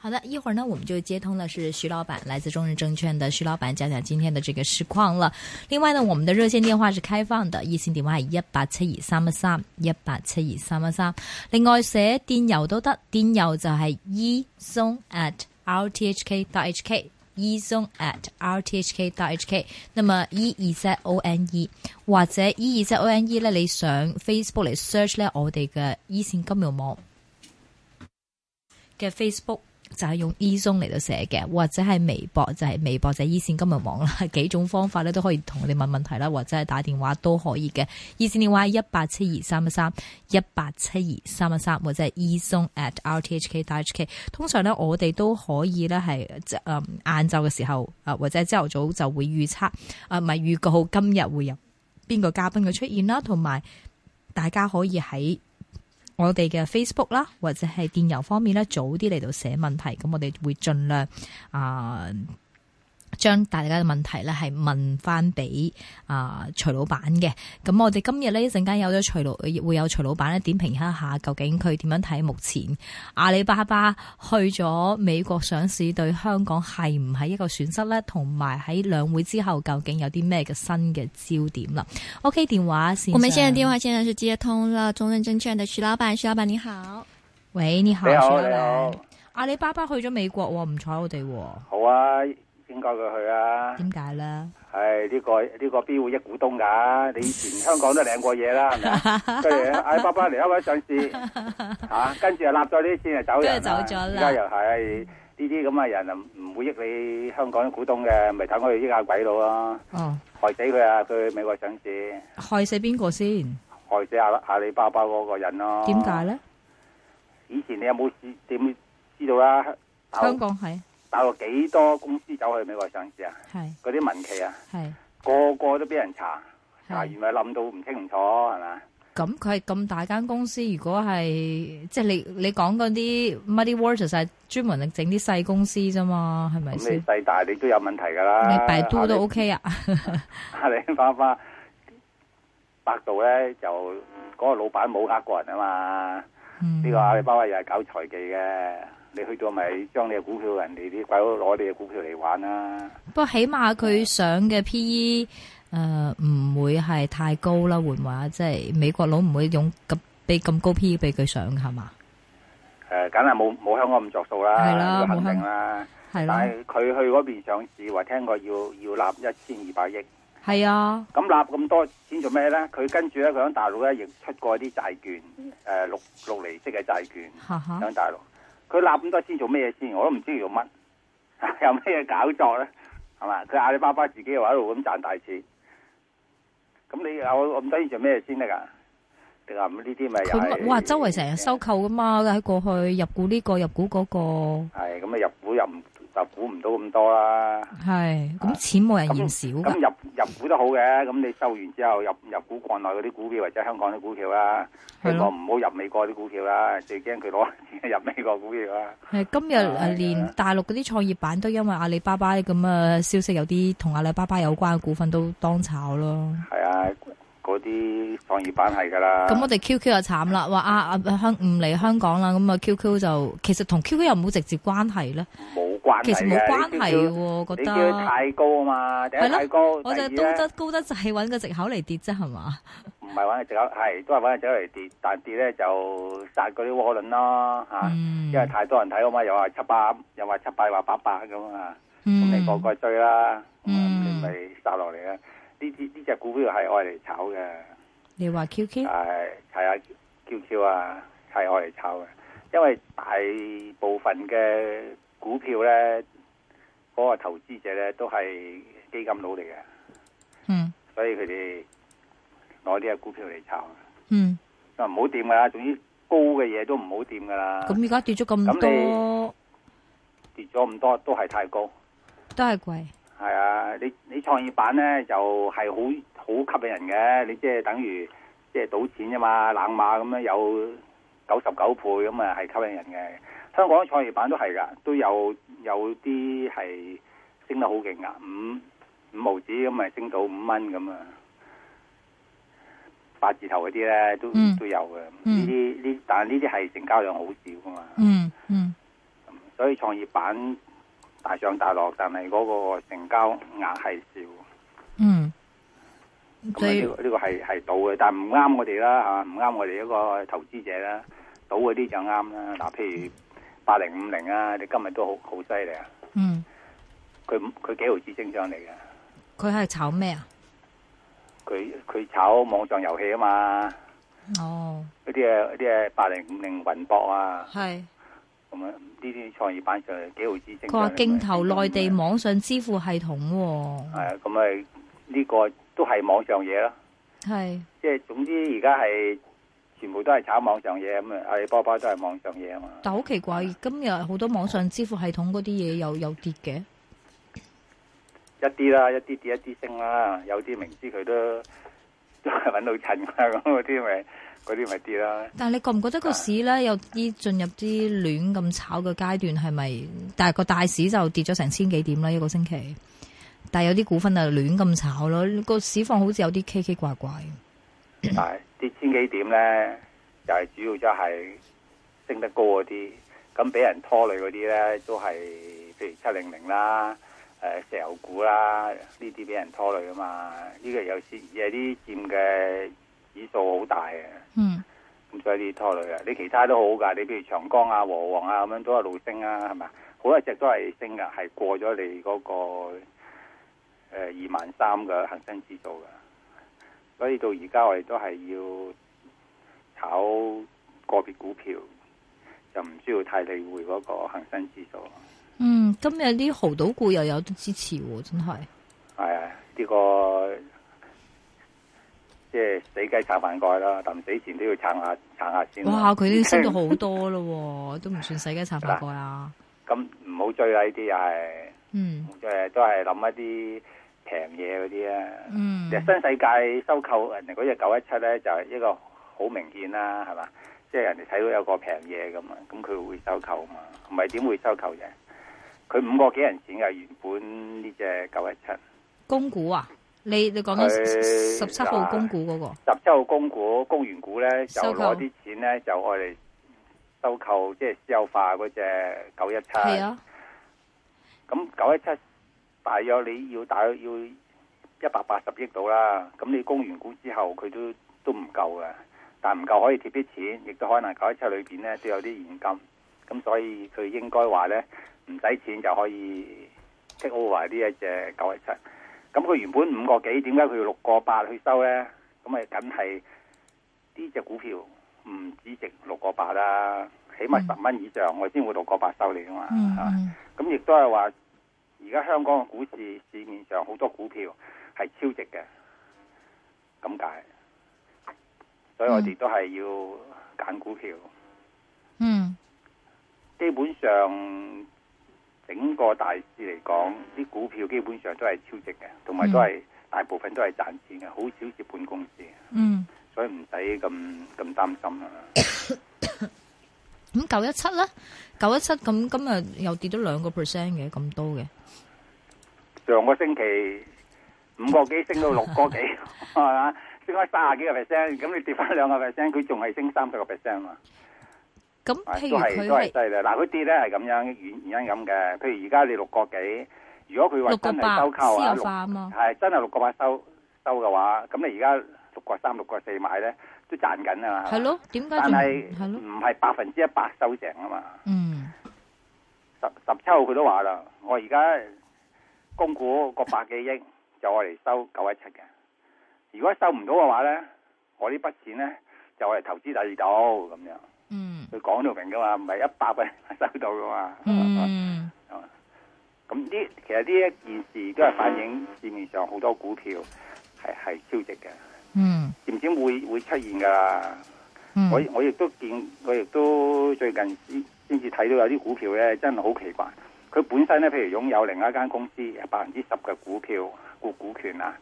好的，一會兒呢我們就接通了，是徐老闆，來自中日證券的徐老闆，講講今天的這個市況了。另外呢，我們的熱線電話是開放的，熱線電話係一八七二三一三一八七二三一三。另外寫電郵都得，電郵就是 ezone at rthk. dot hk，ezone at rthk. dot hk。那麼 ezone 或者 ezone 咧，你上 Facebook 嚟 search 咧我哋嘅 e 線金融網嘅 Facebook。就係、是、用 e 松嚟到寫嘅，或者係微博，就係、是、微博就者、是、e 線金融網啦，係幾種方法咧都可以同我哋問問題啦，或者係打電話都可以嘅。e 線電話一八七二三一三一八七二三一三，或者 e 松 at rthk dot hk。通常呢，我哋都可以咧係即誒，晏晝嘅時候啊，或者係朝頭早就會預測啊，唔係預告今日會有邊個嘉賓嘅出現啦，同埋大家可以喺。我哋嘅 Facebook 啦，或者係電郵方面咧，早啲嚟到寫問題，咁我哋會盡量啊。呃將大家嘅問題咧，係問翻俾啊徐老闆嘅，咁我哋今日呢，一陣間有咗徐老會有徐老闆咧點評一下，究竟佢點樣睇目前阿里巴巴去咗美國上市對香港係唔係一個損失咧？同埋喺兩會之後究竟有啲咩嘅新嘅焦點啦？OK，電話線。我們現在電話線係接通咗。中潤證券的徐老闆，徐老闆你好，喂，你好你好，你好，阿里巴巴去咗美國唔睬我哋，好啊。應該佢去啊？點解咧？係、哎、呢、這個呢、這個必會益股東噶？你以前香港都領過嘢啦，咪？ 跟住阿里巴巴嚟香港上市，吓、 啊、跟住就立咗啲錢就走人，而家又係呢啲咁嘅人唔唔、嗯、會益你香港嘅股東嘅，咪等佢益下鬼佬咯。哦，害死佢啊！去美國上市，害死邊個先？害死阿里巴巴嗰個人咯。點解咧？以前你有冇知點知道啦？香港係。打過幾多公司走去美國上市啊？係嗰啲民企啊，個個都俾人查，是查完咪諗到唔清唔楚係嘛？咁佢係咁大間公司，如果係即係你你講嗰啲 Muddy Waters 係專門整啲細公司啫嘛？係咪先？細大你都有問題噶啦。你大都都 OK 啊？阿里巴巴，百度咧就嗰、那個老闆冇呃過人啊嘛？呢、嗯這個阿里巴巴又係搞財技嘅。你去到咪將你嘅股票人哋啲鬼佬攞你嘅股票嚟玩啦？不過起碼佢上嘅 P E 誒、呃、唔會係太高，就是會高是呃、啦，換話即係美國佬唔會用咁俾咁高 P E 俾佢上係嘛？誒，梗係冇冇香港咁着數啦，肯定啦，係咯。但係佢去嗰邊上市說過，話聽過要要納一千二百億。係啊，咁納咁多錢做咩咧？佢跟住咧，佢喺大陸咧亦出過啲債券，誒六六厘息嘅債券喺、啊、大陸。佢攬咁多錢做咩先？我都唔知要做乜， 有咩搞作咧？係嘛？佢阿里巴巴自己又喺度咁賺大錢，咁你我咁得意做咩先得噶？定係呢啲咪？佢哇！周圍成日收購噶嘛，喺過去入股呢個入股嗰個。係咁啊！入股又、這、唔、個、～就估唔到咁多啦。係，咁錢冇人嫌少喎。咁、啊、入入股都好嘅，咁你收完之後入入股國內嗰啲股票或者香港啲股票啦，香港唔好入美國啲股票啦，最驚佢攞入美國股票啦。係今日係連大陸嗰啲創業板都因為阿里巴巴咁啊，消息有啲同阿里巴巴有關嘅股份都當炒咯。係啊，嗰啲創業板係㗎啦。咁我哋 QQ 就慘啦，話啊啊香唔嚟香港啦，咁啊 QQ 就其實同 QQ 又冇直接關係咧。其實冇關係喎，QQ, 覺得你叫太高啊嘛，啊太高，對我就係高得高得就係揾個藉口嚟跌啫，係嘛？唔係揾個藉口係都係揾個藉口嚟跌，但跌咧就殺嗰啲窩輪咯嚇、嗯，因為太多人睇啊嘛，又話七百，又話七百，話八百咁啊，咁你個個追啦，咁咪殺落嚟啦。呢啲呢隻股票係愛嚟炒嘅，你話 Q Q 係係啊 Q Q 啊，係愛嚟炒嘅，因為大部分嘅。股票咧，嗰個投資者咧都係基金佬嚟嘅，嗯，所以佢哋攞呢個股票嚟炒，嗯，就唔好掂噶啦，總之高嘅嘢都唔好掂噶啦。咁而家跌咗咁多，跌咗咁多都係太高，都係貴。係啊，你你創業板咧就係好好吸引人嘅，你即係等於即係賭錢啊嘛，冷碼咁樣有九十九倍咁啊，係吸引人嘅。香港嘅創業板都係噶，都有有啲係升得好勁噶，五五毫紙咁咪升到五蚊咁啊！八字頭嗰啲咧都、嗯、都有嘅，呢啲呢但係呢啲係成交量好少噶嘛。嗯嗯，所以創業板大上大落，但係嗰個成交額係少。嗯，咁啊呢個呢、呢個係係賭嘅，但係唔啱我哋啦嚇，唔啱我哋一個投資者啦，賭嗰啲就啱啦。嗱譬如。八零五零啊！你今日都好好犀利啊！嗯，佢佢幾毫子升上嚟嘅？佢係炒咩啊？佢佢炒網上遊戲啊嘛！哦，嗰啲啊啲啊八零五零雲博啊，係咁啊！呢啲創業板上嚟幾毫子升。佢話勁投內地網上支付系統。係啊，咁咪、啊，呢個都係網上嘢啦。係，即係總之而家係。全部都係炒網上嘢咁啊，阿里巴巴都係網上嘢啊嘛。但好奇怪，啊、今日好多網上支付系統嗰啲嘢又又跌嘅。一啲啦，一啲跌，一啲升啦。有啲明知佢都都係搵到趁啊，咁嗰啲咪嗰啲咪跌啦。但係你覺唔覺得個市咧有啲進入啲亂咁炒嘅階段？係咪？但係個大市就跌咗成千幾點啦，一個星期。但係有啲股份啊，亂咁炒咯，個市況好似有啲奇奇怪怪。啊！跌千幾點咧？就係、是、主要就係升得高嗰啲，咁俾人拖累嗰啲咧，都係譬如七零零啦、誒、呃、石油股啦呢啲俾人拖累噶嘛？呢、這個有時而啲佔嘅指數好大嘅。嗯，咁所以啲拖累啊！你其他都好噶，你譬如長江啊、和黃啊咁樣都一路升啊，係咪？好多隻都係升噶，係過咗你嗰、那個誒二萬三嘅恒生指數噶。所以到而家我哋都係要炒個別股票，就唔需要太理會嗰個恒生指數。嗯，今日啲濠賭股又有啲支持喎、啊，真係。係、哎、啊、呢、這個即係、就是、死雞撐飯蓋啦，但死前都要撐下撐下先。哇！佢升到好多咯、啊， 都唔算死雞撐飯蓋啊。咁唔好追啦，呢啲係。嗯。即都係諗一啲。平嘢嗰啲啊，即、嗯、係新世界收購人哋嗰隻九一七咧，就係、是、一個好明顯啦、啊，係嘛？即係人哋睇到有個平嘢咁啊，咁佢會收購嘛？唔係點會收購嘅？佢五個幾人錢啊？原本呢隻九一七，公股啊？你你講緊十七號公股嗰、那個？十七號公股，公元股咧，就攞啲錢咧，就我嚟收購即係私有化嗰隻九一七。係啊，咁九一七。大約你要大約要一百八十億度啦，咁你供完股之後它，佢都都唔夠嘅，但唔夠可以貼啲錢，亦都可能九一七裏邊咧都有啲現金，咁所以佢應該話咧唔使錢就可以 take over 呢一隻九一七。咁佢原本五個幾，點解佢要六個八去收咧？咁咪梗係呢隻股票唔止值六個八啦，起碼十蚊以上我先會六個八收你噶嘛。咁亦都係話。而家香港嘅股市市面上好多股票係超值嘅，咁解，所以我哋都係要揀股票。嗯，基本上整個大市嚟講，啲股票基本上都係超值嘅，同埋都係、嗯、大部分都係賺錢嘅，好少蝕本公司。嗯，所以唔使咁咁擔心啦。 咁九一七咧，九一七咁，今日又跌咗兩個 percent 嘅，咁多嘅。上個星期五個幾升到六個幾，係嘛，升開三十幾個 percent，咁你跌翻兩個 percent，佢仲係升三十個 percent 嘛？咁，都係都係犀利。嗱，佢跌咧係咁樣原原因咁嘅。譬如而家你六個幾，如果佢話真係收購啊，係真係六個八收收嘅話，咁你而家六個三、六個四買咧？都賺緊啊嘛，係咯？點解？但係唔係百分之一百收成啊嘛？嗯，十十七號佢都話啦，我而家供股個百幾億就我嚟收九一七嘅。如果收唔到嘅話咧，我呢筆錢咧就我嚟投資第二度咁樣。嗯，佢講到明噶嘛，唔係一百 percent 收到噶嘛。嗯，咁呢，其實呢一件事都係反映市面上好多股票係係超值嘅。嗯。點點會會出現噶啦嗯，我我亦都見，佢亦都最近先先至睇到有啲股票咧，真係好奇怪。佢本身咧，譬如擁有另一間公司有百分之十嘅股票股股權啊，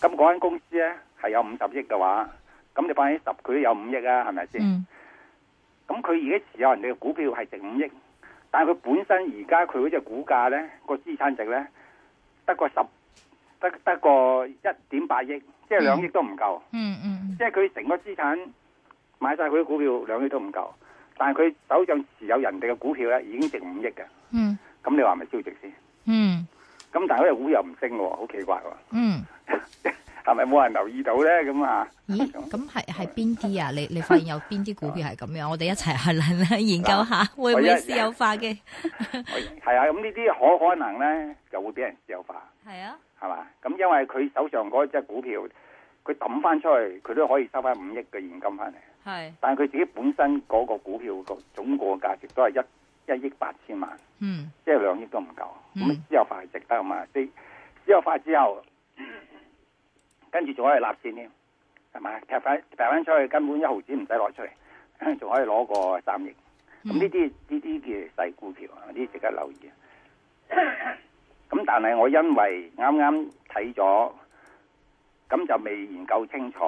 咁嗰間公司咧係有五十億嘅話，咁你百分之十佢都有五億啊，係咪先？咁佢而家持有人哋嘅股票係值五億，但係佢本身而家佢嗰隻股價咧個資產值咧得個十得得個一點八億，即係兩億都唔夠。嗯嗯。嗯即係佢成個資產買晒佢啲股票兩億都唔夠，但係佢手上持有人哋嘅股票咧已經值五億嘅，咁你話咪超值先？嗯，咁但係嗰隻股又唔升，好奇怪喎！嗯，係咪冇人留意到咧？咁啊？咦？咁係係邊啲啊？你你發現有邊啲股票係咁樣？ 我哋一齊去研究下，會唔會私有化嘅？係 啊，咁呢啲可可能咧就會俾人私有化。係啊，係嘛？咁因為佢手上嗰隻股票。佢抌翻出去，佢都可以收翻五億嘅現金翻嚟。係，但係佢自己本身嗰個股票個總個價值都係一一億八千萬。嗯，即係兩億都唔夠。咁私有化係值得啊嘛？私有化之後，嗯、跟住仲可以立市添，係咪？踢翻踢翻出去，根本一毫子唔使攞出嚟，仲可以攞個三億。咁呢啲呢啲嘅細股票，呢啲值得留意。咁 但係我因為啱啱睇咗。咁就未研究清楚，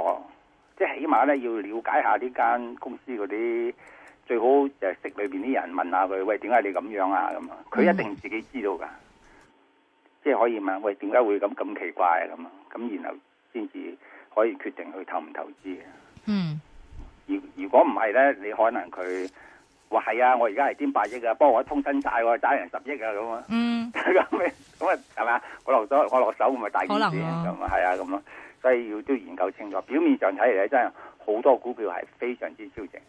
即係起碼咧要了解下呢間公司嗰啲，最好就係食裏邊啲人問下佢，喂，點解你咁樣啊？咁啊，佢一定自己知道噶。嗯，即係可以問，喂，點解會咁咁奇怪咁啊？咁然後先至可以決定去投唔投資嘅。嗯，如如果唔係咧，你可能佢話係啊，我而家係添八億啊，幫我通身債，啊，我打贏十億啊，咁啊，嗯，咁咁啊？係咪？我落手，我落手咪大件事，咁啊，係啊，咁咯。所以要都研究清楚，表面上睇嚟，真係好多股票係非常之超值。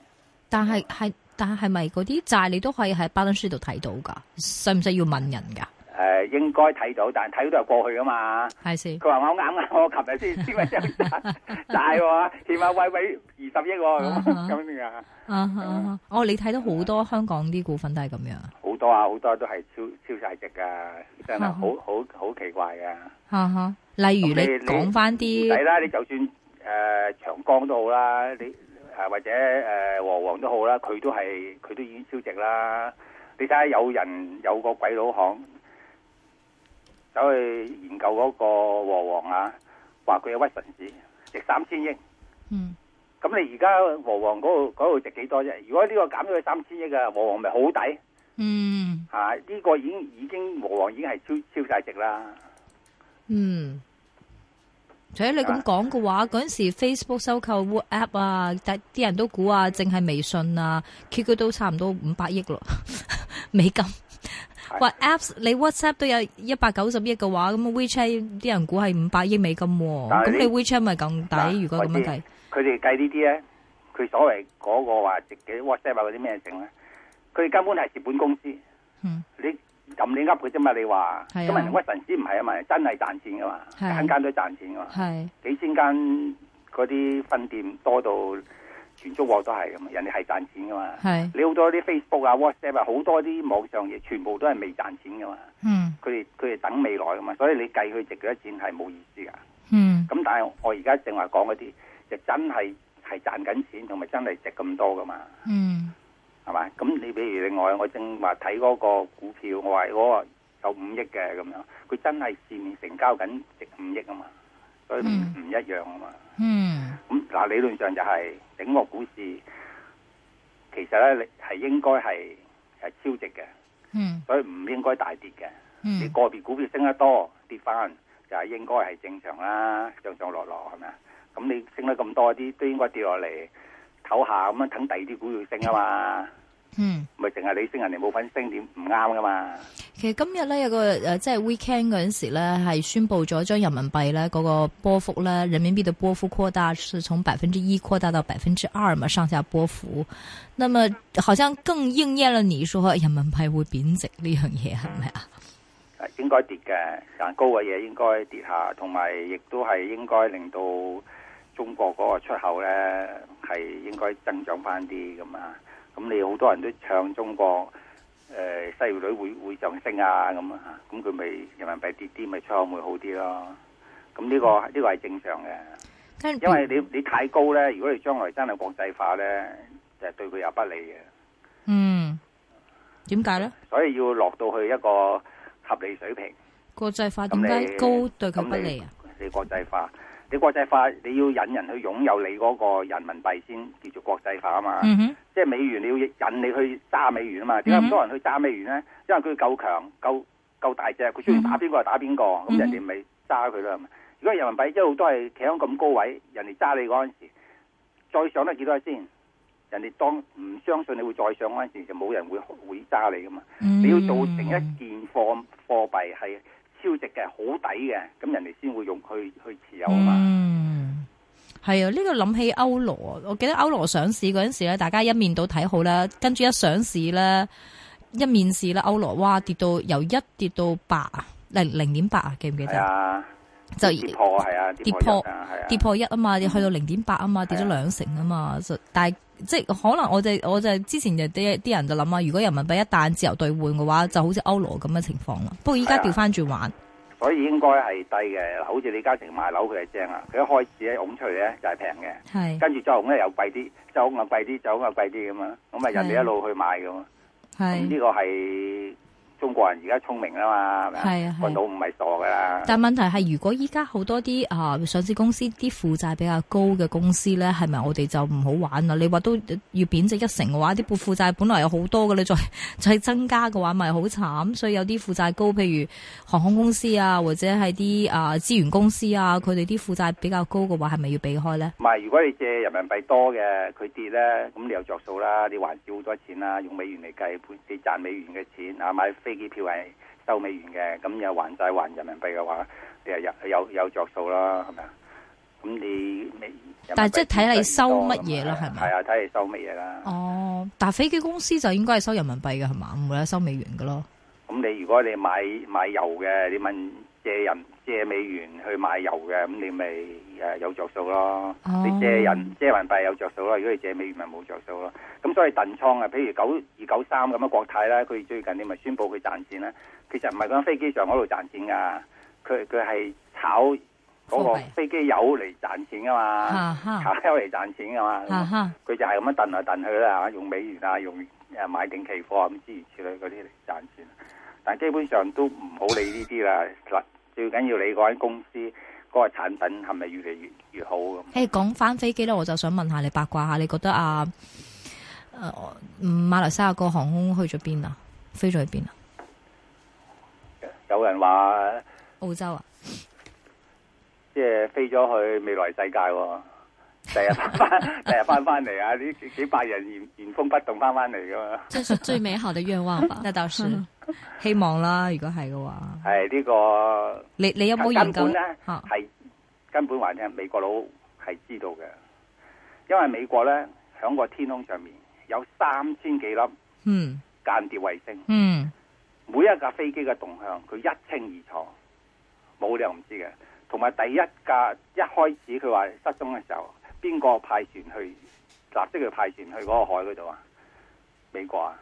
但係係但係係咪嗰啲債你都可以喺白論書度睇到噶？使唔使要問人噶？誒、呃，應該睇到，但係睇到都係過去噶嘛？係先。佢話我啱啱我琴日，先簽一張債，起碼喂喂，二十億咁咁樣啊 這樣。 哦，你睇到好多香港啲股份都係咁樣。好多啊，好多都係超超晒值噶，真係 好好好奇怪噶。啊哈！例如你講翻啲唔抵啦，你就算誒長江都好啦，你誒或者誒和黃好都好啦，佢都係佢都已經超值啦。你睇下有人有個鬼佬行走去研究嗰個和黃啊，話佢有屈臣氏值三千億。嗯，咁你而家和黃嗰度度值幾多啫？如果呢個減咗三千億啊，和黃咪好抵？嗯、啊，嚇、這、呢個已經已經和黃已經係超超曬值啦。嗯。除咗你咁講嘅話，嗰、啊、陣時 Facebook 收購 WhatsApp 啊，但啲人都估啊，淨係微信啊，QQ 都差唔多五百億咯美金。話、啊、Apps 你 WhatsApp 都有一百九十億嘅話，咁 WeChat 啲人估係五百億美金，啊，咁你 WeChat 咪咁抵？如果咁樣計這些，佢哋計呢啲咧，佢所謂嗰個話值嘅 WhatsApp 或者咩整咧，佢根本係蝕本公司。嗯。你。咁你噏佢啫嘛？你話咁人屈臣氏唔係啊嘛？真係賺錢噶嘛？間、啊、間都賺錢噶嘛？幾千間嗰啲分店多到全中國都係咁，人哋係賺錢噶嘛？你好多啲 Facebook 啊、WhatsApp 啊，好多啲網上嘢，全部都係未賺錢噶嘛？嗯，佢哋佢哋等未來噶嘛？所以你計佢值幾多錢係冇意思噶。嗯，咁但係我而家正話講嗰啲就真係係賺緊錢，同埋真係值咁多噶嘛？嗯。係嘛？咁你比如另外，我正話睇嗰個股票，我話嗰個有五億嘅咁樣，佢真係市面成交緊值五億啊嘛，所以唔唔、嗯、一樣啊嘛。嗯。咁嗱，理論上就係、是、整個股市，其實咧你係應該係係超值嘅。嗯。所以唔應該大跌嘅，嗯。你個別股票升得多跌翻，就係應該係正常啦，上上落落係咪啊？咁你升得咁多啲，都應該跌落嚟唞下咁樣等第二啲股票升啊嘛。嗯嗯，唔係淨係你升人哋冇分升，點唔啱㗎嘛？其實今日咧有個誒，即、呃、係 weekend 嗰陣時咧，係宣布咗將人民幣咧嗰、那個波幅咧，人民幣嘅波幅擴大，是從百分之一擴大到百分之二嘛，上下波幅。那麼好像更應驗了你說人民幣會貶值呢樣嘢係咪啊？係、嗯、應該跌嘅，但高嘅嘢應該跌下，同埋亦都係應該令到中國嗰個出口咧係應該增長翻啲咁啊。咁你好多人都唱中國，誒、呃、西匯率會會上升啊咁啊，咁佢咪人民幣跌啲，咪出口會好啲咯。咁呢、呢個呢個係正常嘅，因為你你太高咧，如果你將來真係國際化咧，就對佢有不利嘅。嗯，點解咧？所以要落到去一個合理水平。國際化點解高對佢不利啊？你，你國際化。你國際化你要引人去擁有你嗰個人民幣先叫做國際化啊嘛。mm -hmm. 即係美元你要引你去揸美元啊嘛，點解咁多人去揸美元咧？因為佢夠強夠夠大隻，佢中意打邊個就打邊個，咁、mm -hmm. 人哋咪揸佢啦。如果人民幣一路都係企喺咁高位，人哋揸你嗰陣時，再上得幾多先？人哋當唔相信你會再上嗰陣時，就冇人會會揸你噶嘛。Mm -hmm. 你要做成一件貨貨幣係，超值嘅，好抵嘅，咁人哋先會用去去持有啊嘛。嗯，係啊，呢個諗起歐羅，我記得歐羅上市嗰陣時咧，大家一面都睇好啦，跟住一上市咧，一面市咧，歐羅哇跌到由一跌到八啊，零零點八啊，記唔記得啊？就跌破係啊，跌破跌破一啊嘛，去到零點八啊嘛，跌咗兩成啊嘛，就大。但即係可能我哋，我就係之前啲啲人就諗啊，如果人民幣一旦自由兌換嘅話，就好似歐羅咁嘅情況啦。不過依家調翻轉玩，所以應該係低嘅。嗱，好似李嘉誠賣樓，佢係正啊。佢一開始咧湧出去咧就係平嘅，係跟住再湧咧又貴啲，再湧又貴啲，再湧又貴啲嘅嘛。咁啊人哋一路去買嘛。咁呢個係。中國人而家聰明啊嘛，係呀，搵到唔係傻噶啦。但問題係，如果依家好多啲啊、呃、上市公司啲負債比較高嘅公司咧，係咪我哋就唔好玩啦？你話都要貶值一成嘅話，啲負負債本來有好多嘅咧，再再增加嘅話，咪好慘。所以有啲負債高，譬如航空公司啊，或者係啲啊資源公司啊，佢哋啲負債比較高嘅話，係咪要避開咧？唔係，如果你借人民幣多嘅，佢跌咧，咁你又著數啦，你還少好多錢啦。用美元嚟計，你賺美元嘅錢啊，買。飛機票係收美元嘅，咁又還債還人民幣嘅話，你又有有着數啦，係咪啊？咁你未但係即係睇你收乜嘢啦，係咪？係啊，睇你收乜嘢啦？哦，但係飛機公司就應該係收人民幣嘅係嘛？唔會收美元噶咯？咁你如果你買買油嘅，你問借人借美元去買油嘅，咁你咪？誒，有着數咯，你借人借人民幣有着數咯，如果你借美元咪冇着數咯。咁所以燉倉啊，譬如九二九三咁嘅國泰啦，佢最近你咪宣布佢賺錢啦。其實唔係講飛機上嗰度賺錢噶，佢佢係炒嗰個飛機油嚟賺錢噶嘛，炒油嚟賺錢噶嘛。佢、啊、就係咁樣燉來燉去啦，用美元啊，用誒買定期貨咁、啊、之類嗰啲嚟賺錢。但基本上都唔好理呢啲啦，最緊要理嗰間公司。個產品係咪越嚟越越好咁？誒，講翻飛機咧，我就想問下你八卦下，你覺得啊，誒、啊、馬來西亞個航空去咗邊啊？飛咗去邊啊？有人話澳洲啊，即、就、係、是、飛咗去未來世界，第日翻，第日翻翻嚟啊！啲幾百人原原封不動翻翻嚟噶嘛？這是最美好嘅願望吧？ 那倒是。 希望啦，如果係嘅話，係呢、這個你你有冇研究咧？係根本話咧、啊，美國佬係知道嘅，因為美國咧響個天空上面有三千幾粒，嗯，間諜衛星，嗯，每一架飛機嘅動向佢一清二楚，冇理由唔知嘅。同埋第一架一開始佢話失蹤嘅時候，邊個派船去？立即就派船去嗰個海嗰度啊？美國啊？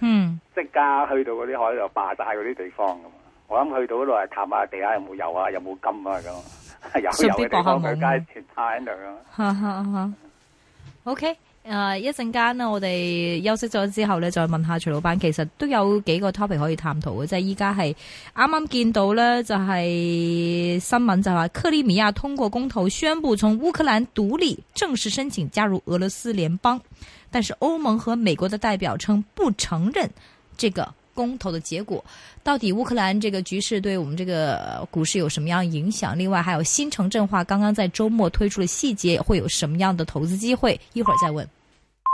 嗯，即係去到嗰啲海度霸晒嗰啲地方咁，我諗去到嗰度係探下地下有冇油啊，有冇金啊咁，有 有啲地方佢介蝕晒喺度咯。 o、okay. k Uh, 一陣間呢我哋休息咗之後咧，再問下徐老闆。其實都有幾個 topic 可以探討嘅，即係依家係啱啱見到咧，就係新聞就話克里米亞通過公投宣布從烏克蘭獨立，正式申請加入俄羅斯聯邦。但是歐盟和美國的代表稱不承認這個公投的結果。到底烏克蘭這個局勢對我們這個股市有什麼樣影響？另外，還有新城鎮化剛剛在周末推出的細節會有什麼樣的投資機會？一會兒再問。